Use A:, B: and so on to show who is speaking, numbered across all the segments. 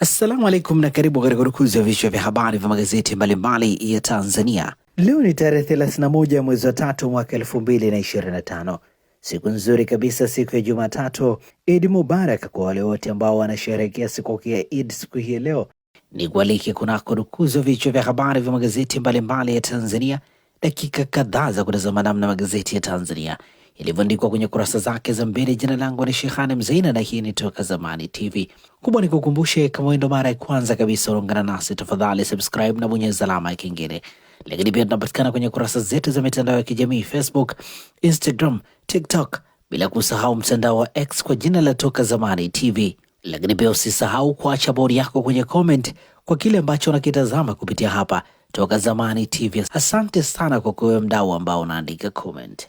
A: Assalamu alaikum na karibu katika urukuzi wa vichwa vya habari vya magazeti mbalimbali ya Tanzania.
B: Leo ni tarehe 31 mwezi wa tatu mwaka 2025. Siku nzuri kabisa, siku ya Jumatatu. id Mubarak kwa wale wote ambao wanasherehekea siku ya Idi siku hii leo.
A: Ni kualike kunako rukuzi wa vichwa vya habari vya magazeti mbalimbali ya Tanzania, dakika kadhaa za kutazama namna magazeti ya Tanzania ilivyoandikwa kwenye kurasa zake za mbele. Jina langu ni Shehane Mzaina na hii ni Toka Zamani TV. Kubwa ni kukumbushe, kama ndo mara ya kwanza kabisa unaungana nasi, tafadhali subscribe na bonyeza alama ya kengele. Lakini pia tunapatikana kwenye kurasa zetu za mitandao ya kijamii Facebook, Instagram, TikTok, bila kusahau mtandao wa X kwa jina la Toka Zamani TV. Lakini pia usisahau kuacha bodi yako kwenye comment kwa kile ambacho unakitazama kupitia hapa Toka Zamani TV. Asante sana kwa kuwe mdau ambao unaandika comment.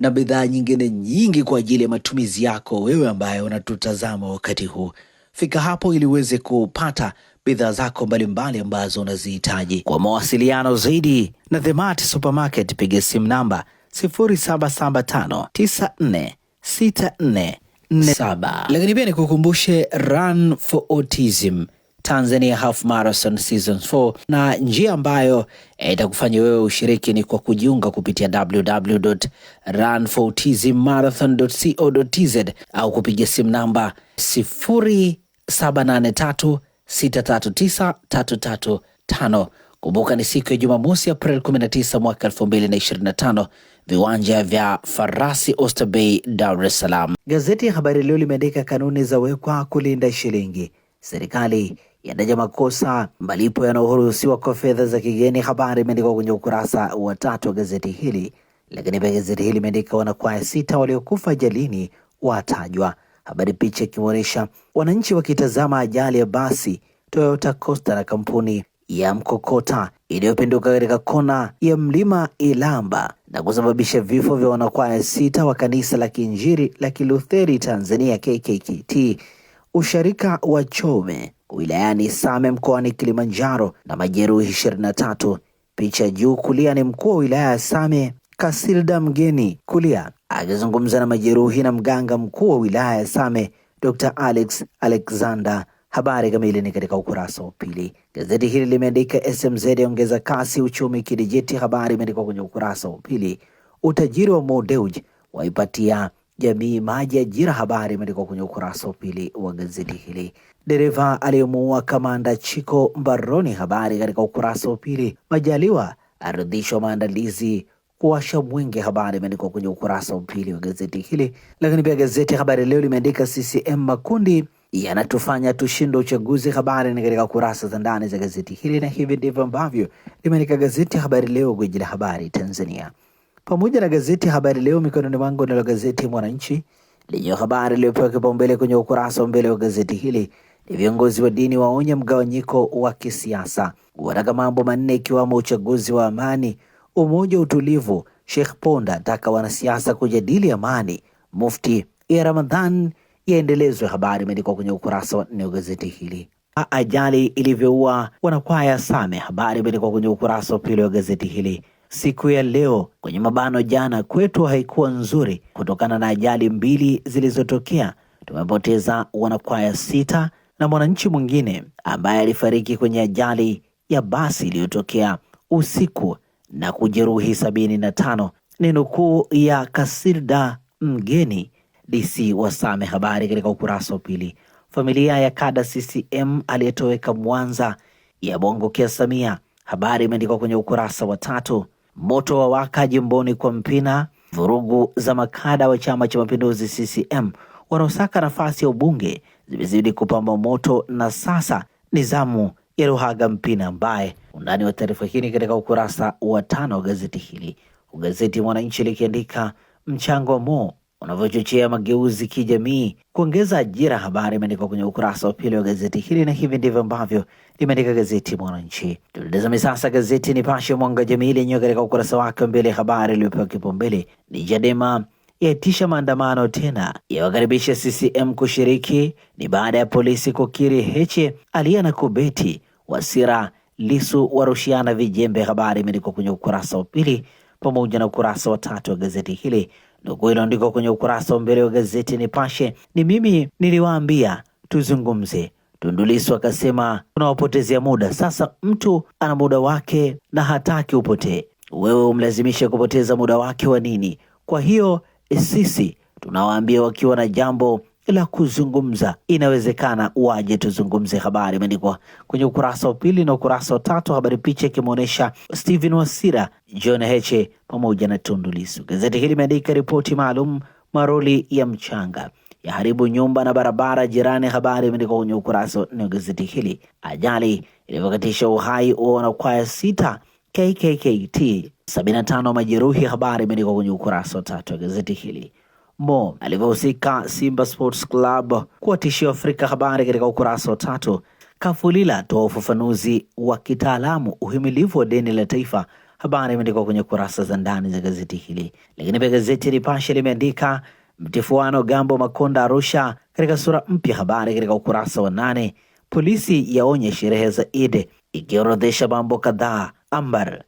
A: na bidhaa nyingine nyingi kwa ajili ya matumizi yako wewe ambaye unatutazama wakati huu. Fika hapo ili uweze kupata bidhaa zako mbalimbali ambazo unazihitaji. Kwa mawasiliano zaidi na Themart Supermarket piga simu namba 0775946447. Lakini pia nikukumbushe Run for Autism Tanzania Half Marathon Season 4 na njia ambayo eh, itakufanya wewe ushiriki ni kwa kujiunga kupitia www.run4tzmarathon.co.tz au kupiga simu namba 0783639335. Kumbuka ni siku ya Jumamosi, April 19 mwaka 2025, viwanja vya Farasi Oysterbay, Dar es Salaam.
B: Gazeti ya Habari Leo limeandika kanuni za wekwa kulinda shilingi. Serikali yataja makosa malipo yanayoruhusiwa kwa fedha za kigeni. Habari imeandikwa kwenye ukurasa wa tatu wa gazeti hili, lakini pia gazeti hili imeandika wanakwaya sita waliokufa ajalini watajwa. Habari picha ikimwonyesha wananchi wakitazama ajali ya basi Toyota Costa na kampuni ya mkokota iliyopinduka katika kona ya mlima Ilamba na kusababisha vifo vya wanakwaya sita wa kanisa la Kiinjili la Kilutheri Tanzania KKKT usharika wa Chome wilayani Same mkoani Kilimanjaro na majeruhi 23. Picha juu kulia ni mkuu wa wilaya ya Same Kasilda Mgeni kulia akizungumza na majeruhi na mganga mkuu wa wilaya ya Same Dr. Alex Alexander. Habari kamili ni katika ukurasa wa pili. Gazeti hili limeandika SMZ yaongeza kasi uchumi kidijiti, habari imeandikwa kwenye ukurasa wa pili. Utajiri wa Mo Dewji waipatia jamii, maji, ajira. Habari imeandikwa kwenye ukurasa wa pili wa gazeti hili. Dereva aliyemuua kamanda Chiko mbaroni, habari katika ukurasa wa pili. Majaliwa arudhishwa maandalizi kuwasha mwingi, habari imeandikwa kwenye ukurasa wa pili wa gazeti hili. Lakini pia gazeti Habari Leo limeandika CCM makundi yanatufanya tushinde uchaguzi. Habari ni katika kurasa za ndani za gazeti hili, na hivi ndivyo ambavyo limeandika gazeti Habari Leo, gwiji la habari Tanzania pamoja na gazeti Habari Leo mikononi mwangu, nalo gazeti Mwananchi lenye habari iliyopewa kipaumbele kwenye ukurasa wa mbele wa gazeti hili ni viongozi wa dini waonya mgawanyiko wa kisiasa, wataka mambo manne ikiwamo uchaguzi wa amani, umoja, utulivu. Sheikh Ponda ataka wanasiasa kujadili amani, Mufti ya Ramadhan yaendelezwe. Habari imeandikwa kwenye ukurasa wa nne wa gazeti hili. Ajali ilivyoua wanakwaya Same, habari imeandikwa kwenye ukurasa wa pili wa gazeti hili. Siku ya leo kwenye mabano, jana kwetu haikuwa nzuri kutokana na ajali mbili zilizotokea. Tumepoteza wanakwaya sita na mwananchi mwingine ambaye alifariki kwenye ajali ya basi iliyotokea usiku na kujeruhi sabini na tano. Ni nukuu ya Kasilda Mgeni, DC Wasame, habari katika ukurasa wa pili. Familia ya kada CCM aliyetoweka Mwanza kia Samia, habari imeandikwa kwenye ukurasa wa tatu. Moto wa waka jimboni kwa Mpina, vurugu za makada wa chama cha mapinduzi CCM wanaosaka nafasi ya ubunge zimezidi kupamba moto na sasa ni zamu ya Luhaga Mpina ambaye undani wa taarifa hii katika ukurasa wa tano wa gazeti hili, gazeti Mwananchi likiandika mchango wa Mo unavyochochea mageuzi kijamii, kuongeza ajira. Habari imeandikwa kwenye ukurasa wa pili wa gazeti hili, na hivi ndivyo ambavyo limeandika gazeti Mwananchi. Tulitazame sasa gazeti Nipashe Mwanga Jamii, lenyewe katika ukurasa wake wa mbele, habari iliyopewa kipaumbele ni Chadema yaitisha maandamano tena, yawakaribisha CCM kushiriki. Ni baada ya polisi kukiri Heche aliye na kubeti Wasira Lisu warushiana vijembe. Habari imeandikwa kwenye ukurasa wa pili pamoja na ukurasa wa tatu wa gazeti hili Ndugu, iliandikwa kwenye ukurasa wa mbele wa gazeti Nipashe. Ni mimi niliwaambia tuzungumze. Tundu Lissu akasema tunawapotezea muda. Sasa mtu ana muda wake na hataki upotee, wewe umlazimishe kupoteza muda wake wa nini? Kwa hiyo sisi tunawaambia wakiwa na jambo la kuzungumza. Inawezekana waje tuzungumze. Habari imeandikwa kwenye ukurasa wa pili na ukurasa wa tatu, habari picha ikimwonyesha Stephen Wasira, John Heche pamoja na Tundu Lissu. Gazeti hili limeandika ripoti maalum, maroli ya mchanga yaharibu nyumba na barabara jirani. Habari imeandikwa kwenye ukurasa wa nne wa gazeti hili. Ajali ilivyokatisha uhai wa wanakwaya sita KKKT, 75 majeruhi. Habari imeandikwa kwenye ukurasa wa tatu wa gazeti hili. Mo alivyohusika Simba Sports Club kuwatishia Afrika. Habari katika ukurasa wa tatu. Kafulila toa ufafanuzi wa kitaalamu uhimilivu wa deni la taifa. Habari imeandikwa kwenye kurasa za ndani za gazeti hili, lakini pia gazeti Nipashe limeandika mtifuano Gambo Makonda Arusha katika sura mpya. Habari katika ukurasa wa nane. Polisi yaonye sherehe za Eid ikiorodhesha mambo kadhaa. Ambar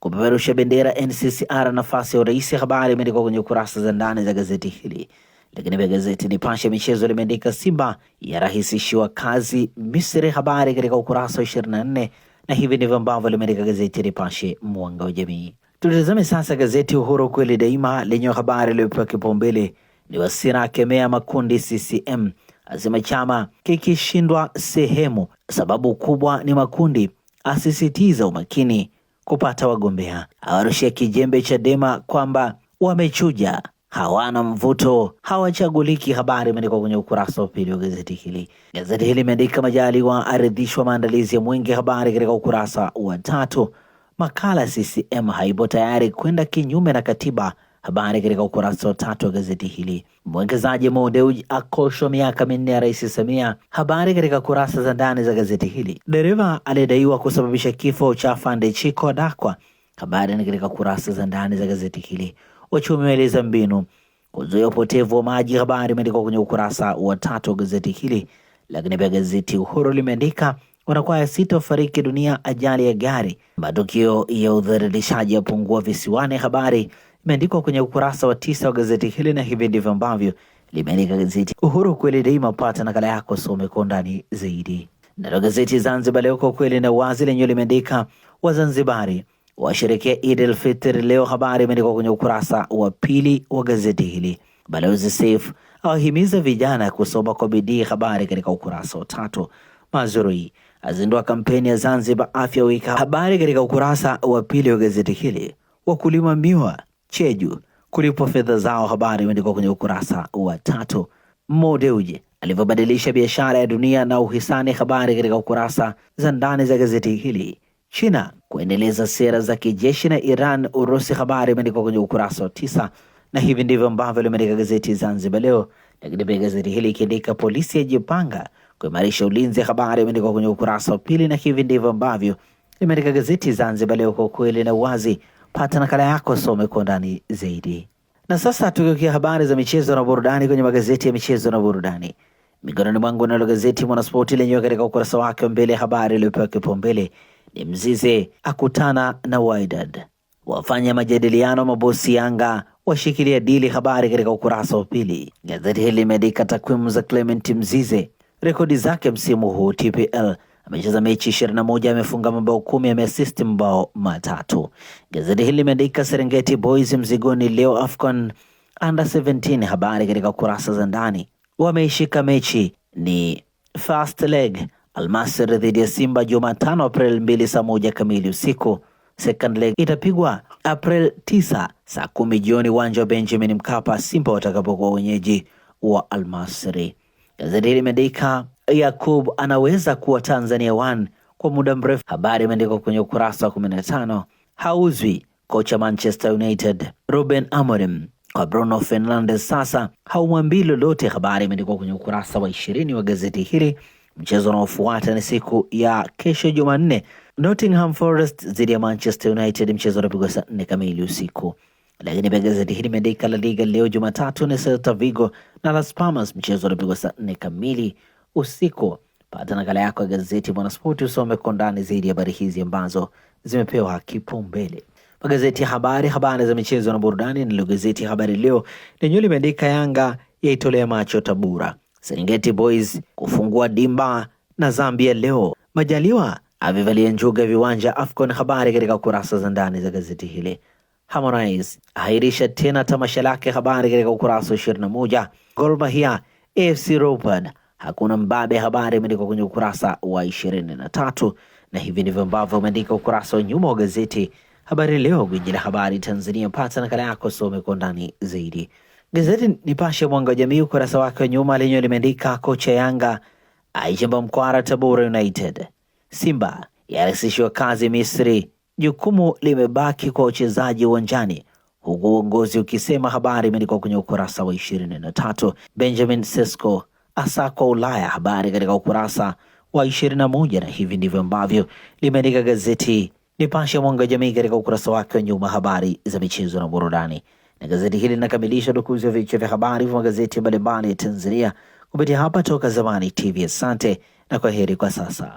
B: kupeperusha bendera NCCR nafasi ya urais. Habari imeandikwa kwenye kurasa za ndani za gazeti hili, lakini pia gazeti Nipashe michezo limeandika Simba yarahisishiwa kazi Misri, habari katika ukurasa wa 24 na hivi ndivyo ambavyo limeandika gazeti Nipashe mwanga wa jamii. Tutazame sasa gazeti Uhuru kweli daima lenye habari iliyopewa kipaumbele ni Wasira akemea makundi CCM, asema chama kikishindwa sehemu sababu kubwa ni makundi, asisitiza umakini kupata wagombea. Awarushia kijembe Chadema kwamba wamechuja, hawana mvuto, hawachaguliki. Habari imeandikwa kwenye ukurasa wa pili wa gazeti hili. Gazeti hili imeandika Majaliwa aridhishwa maandalizi ya mwenge, habari katika ukurasa wa tatu. Makala CCM haipo tayari kwenda kinyume na katiba Habari katika ukurasa wa tatu wa gazeti hili. Mwekezaji Mo Dewji akoshwa miaka minne ya Rais Samia. Habari katika kurasa za ndani za gazeti hili. Dereva aliyedaiwa kusababisha kifo cha Fande Chiko adakwa. Habari ni katika kurasa za ndani za gazeti hili. Wachumi waeleza mbinu kuzuia upotevu wa maji. Habari imeandikwa kwenye ukurasa wa tatu wa gazeti hili. Lakini pia gazeti Uhuru limeandika wanakwaya sita wafariki dunia ajali ya gari, matukio ya udhalilishaji yapungua visiwani. Habari imeandikwa kwenye ukurasa wa tisa wa gazeti hili, na hivi ndivyo ambavyo limeandika gazeti Uhuru. Kweli daima, pata nakala yako, some kwa undani zaidi. Nalo gazeti Zanzibar Leo, kwa kweli na wazi, lenyewe limeandika Wazanzibari washerekea Eid al-Fitr leo. Habari imeandikwa kwenye ukurasa wa pili wa gazeti hili. Balozi Seif awahimiza vijana kusoma kwa bidii, habari katika ukurasa wa tatu. Mazrui azindua kampeni ya Zanzibar afya wika, habari katika ukurasa wa pili wa gazeti hili. Wakulima miwa Cheju kulipwa fedha zao. Habari imeandikwa kwenye ukurasa wa tatu. Modeuji alivyobadilisha biashara ya dunia na uhisani. Habari katika ukurasa za ndani za gazeti hili. China kuendeleza sera za kijeshi na Iran Urusi. Habari imeandikwa kwenye ukurasa wa tisa, na hivi ndivyo ambavyo limeandika gazeti Zanzibar Leo, lakini pia gazeti hili ikiandika polisi yajipanga kuimarisha ulinzi. Habari imeandikwa kwenye ukurasa wa pili, na hivi ndivyo ambavyo limeandika gazeti Zanzibar Leo, kwa ukweli na uwazi pata nakala yako, some kwa ndani zaidi. Na sasa tukiukia habari za michezo na burudani kwenye magazeti ya michezo na burudani mikononi mwangu, nalo gazeti Mwanaspoti lenyewe katika ukurasa wake wa mbele, habari iliyopewa kipaumbele ni Mzize akutana na Wydad, wafanya majadiliano mabosi Yanga washikilia dili. Habari katika ukurasa wa pili, gazeti hili limeandika takwimu za Clement Mzize, rekodi zake msimu huu TPL amecheza mechi 21, amefunga mabao kumi, ameassist mabao matatu. Gazeti hili limeandika Serengeti Boys mzigoni leo Afcon under 17. Habari katika kurasa za ndani, wameishika mechi ni first leg Almasri dhidi ya Simba Jumatano April 2 saa moja kamili usiku. Second leg itapigwa April 9 saa kumi jioni uwanja wa Benjamin Mkapa Simba watakapokuwa wenyeji wa Almasri. Gazeti hili limeandika Yakub anaweza kuwa Tanzania One kwa muda mrefu. Habari imeandikwa kwenye ukurasa wa 15. Hauzwi kocha Manchester United Ruben Amorim kwa Bruno Fernandes sasa haumwambii lolote. Habari imeandikwa kwenye ukurasa wa ishirini wa gazeti hili. Mchezo unaofuata ni siku ya kesho Jumanne, Nottingham Forest dhidi ya Manchester United. Mchezo unapigwa saa nne kamili usiku. Lakini pia gazeti hili imeandika La Liga leo Jumatatu ni Celta Vigo na Las Palmas. Mchezo unapigwa saa nne kamili usiku. Pata nakala yako ya gazeti Mwanaspoti usome kwa undani zaidi habari hizi ambazo zimepewa kipaumbele. Magazeti ya habari, habari za michezo na burudani. Nalo gazeti Habari Leo lenyewe limeandika Yanga yaitolea macho Tabura, Serengeti Boys kufungua dimba na Zambia leo, Majaliwa avivalia njuga viwanja AFCON. Habari katika kurasa za ndani za gazeti hili. Harmonize ahirisha tena tamasha lake, habari katika ukurasa wa 21. Gor Mahia AFC Leopards hakuna mbabe. Habari imeandikwa kwenye ukurasa wa ishirini na tatu na hivi ndivyo ambavyo umeandika ukurasa wa nyuma wa gazeti Habari Leo, gwiji la habari Tanzania. Pata nakala yako, some kwa ndani zaidi. Gazeti Nipashe Mwanga wa Jamii ukurasa wake wa nyuma lenyewe limeandika kocha Yanga aichamba mkwara Tabora United, Simba yarahisishiwa kazi Misri, jukumu limebaki kwa wachezaji uwanjani huku uongozi ukisema. Habari imeandikwa kwenye ukurasa wa ishirini na tatu. Benjamin Sesko hasa kwa Ulaya. Habari katika ukurasa wa 21, na hivi ndivyo ambavyo limeandika gazeti Nipashe Mwanga Jamii katika ukurasa wake wa nyuma, habari za michezo na burudani. Na gazeti hili linakamilisha dukuzi ya vichwa vya habari vya magazeti mbalimbali ya Tanzania kupitia hapa Toka Zamani TV. Asante na kwa heri kwa sasa.